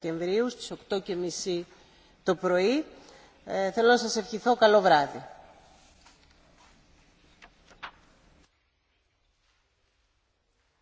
Σεπτεμβρίου στις 8.30 το πρωί. Ε, θέλω να σας ευχηθώ καλό βράδυ.